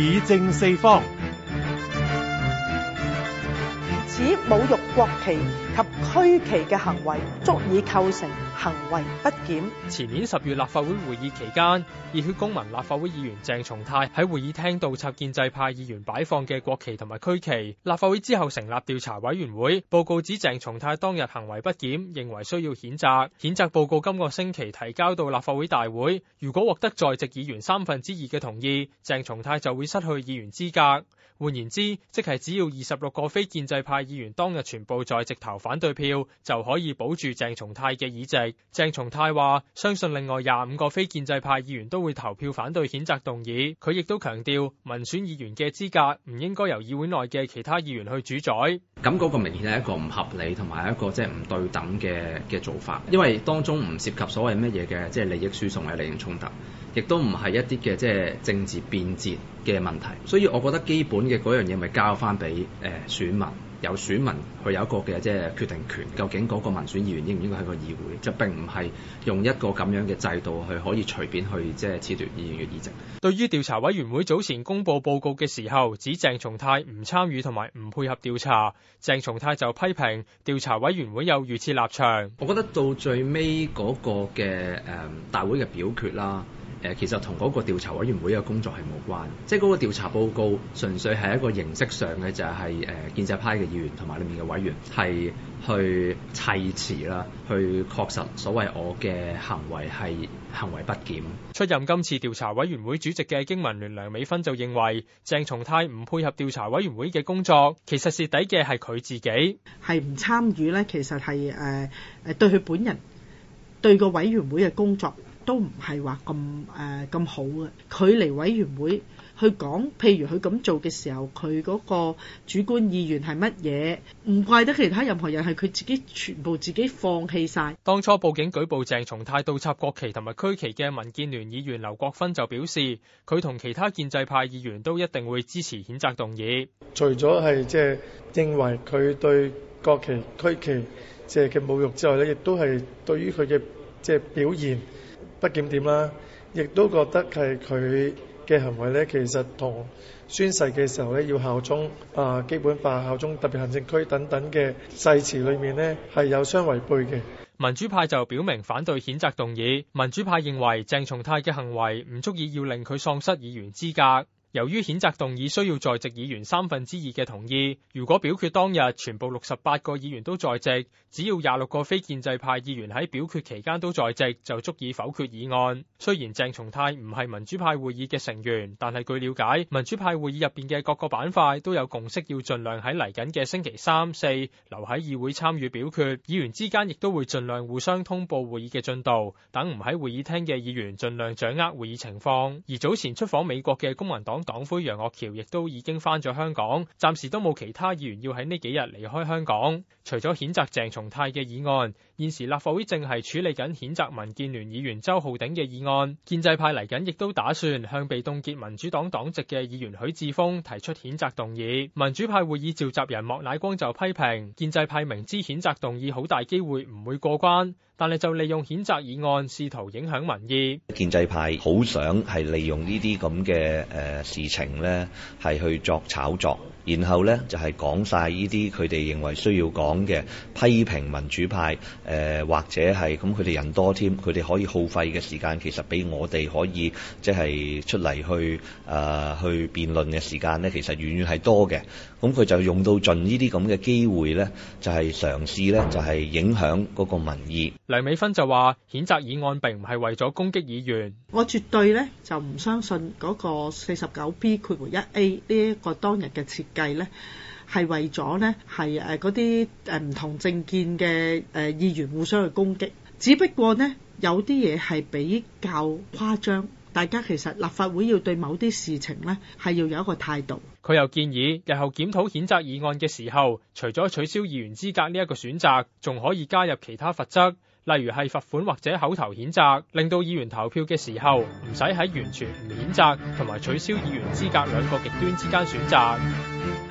議政四方。此侮辱國旗及區旗嘅行為足以構成行為不檢。前年十月立法會會議期間，熱血公民立法會議員鄭松泰喺會議廳倒插建制派議員擺放嘅國旗同埋區旗。立法會之後成立調查委員會，報告指鄭松泰當日行為不檢，認為需要譴責。譴責報告今個星期提交到立法會大會，如果獲得在席議員三分之二嘅同意，鄭松泰就會失去議員資格。換言之，即係只要二十六個非建制派。議員當日全部在席投反對票，就可以保住鄭松泰嘅議席。鄭松泰話：相信另外廿五個非建制派議員都會投票反對譴責動議。佢亦都強調，民選議員嘅資格唔應該由議會內嘅其他議員去主宰。咁嗰個明顯係一個唔合理同埋一個即係唔對等嘅嘅做法，因為當中唔涉及所謂乜嘢嘅即係利益輸送嘅利益衝突，亦都唔係一啲嘅即係政治變節嘅問題。所以，我覺得基本嘅嗰樣嘢，咪交翻俾誒選民，由選民去有一個嘅即係決定權。究竟嗰個民選議員應唔應該喺個議會，就並唔係用一個咁樣嘅制度去可以隨便去即係褫奪議員嘅議席。對於調查委員會早前公佈報告嘅時候，指鄭松泰唔參與同埋唔配合調查。鄭松泰就批評調查委員會有預設立場，我覺得到最尾嗰個嘅誒大會嘅表決啦。誒其實同嗰個調查委員會嘅工作係冇關，即係嗰個調查報告純粹係一個形式上嘅，就係誒建制派嘅議員同埋裏面嘅委員係去砌詞啦，去確實所謂我嘅行為係行為不檢。出任今次調查委員會主席嘅經民聯梁美芬就認為，鄭松泰唔配合調查委員會嘅工作，其實蝕底嘅係佢自己，係唔參與呢，其實係誒誒對佢本人對個委員會嘅工作。都唔係話咁誒咁好嘅，佢嚟委員會去講，譬如佢咁做嘅時候，佢嗰個主觀意願係乜嘢？唔怪得其他任何人係佢自己全部自己放棄晒。當初報警舉報鄭松泰倒插國旗同埋區旗嘅民建聯議員劉國勳就表示，佢同其他建制派議員都一定會支持譴責動議。除咗係即係認為佢對國旗區旗即係嘅侮辱之外咧，亦都係對於佢嘅即係表現。不檢點啦，亦都覺得係佢嘅行為咧，其實同宣誓嘅時候咧，要效忠啊基本法、效忠特別行政區等等嘅誓詞裏面呢，係有相違背嘅。民主派就表明反對譴責動議。民主派認為鄭松泰嘅行為唔足以要令佢喪失議員資格。由於譴責動議需要在席議員三分之二嘅同意，如果表決當日全部六十八個議員都在席，只要廿六個非建制派議員喺表決期間都在席，就足以否決議案。雖然鄭松泰唔係民主派會議嘅成員，但係據了解，民主派會議入邊嘅各個板塊都有共識，要盡量喺嚟緊嘅星期三、四留喺議會參與表決。議員之間亦都會盡量互相通報會議嘅進度，等唔喺會議廳嘅議員盡量掌握會議情況。而早前出訪美國嘅公民黨黨魁楊岳橋亦都已經返咗香港，暫時都冇其他議員要喺呢幾日離開香港。除咗譴責鄭松泰嘅議案，現時立法會正係處理緊譴責民建聯議員周浩鼎嘅議案。建制派嚟緊亦都打算向被凍結民主黨黨籍嘅議員許智峰提出譴責動議。民主派會議召集人莫乃光就批評，建制派明知譴責動議好大機會唔會過關，但係就利用譴責議案試圖影響民意。建制派好想係利用呢啲咁嘅誒。事情咧係去作炒作。然後咧就係講晒呢啲佢哋認為需要講嘅批評民主派，誒或者係咁，佢哋人多添，佢哋可以耗費嘅時間其實比我哋可以即係出嚟去誒去辯論嘅時間咧，其實遠遠係多嘅。咁佢就用到盡呢啲咁嘅機會呢就係嘗試呢就係影響嗰個民意。梁美芬就話，譴責議案並唔係為咗攻擊議員，我絕對呢，就唔相信嗰個四十九 B 括弧一 A 呢一個當日嘅設計呢係為咗呢係誒嗰啲誒唔同政見嘅誒議員互相去攻擊，只不過呢，有啲嘢係比較誇張，大家其實立法會要對某啲事情呢係要有一個態度。佢又建議日後檢討譴責議案嘅時候，除咗取消議員資格呢一個選擇，仲可以加入其他罰則。例如係罰款或者口頭譴責，令到議員投票嘅時候唔使喺完全唔譴責同埋取消議員資格兩個極端之間選擇。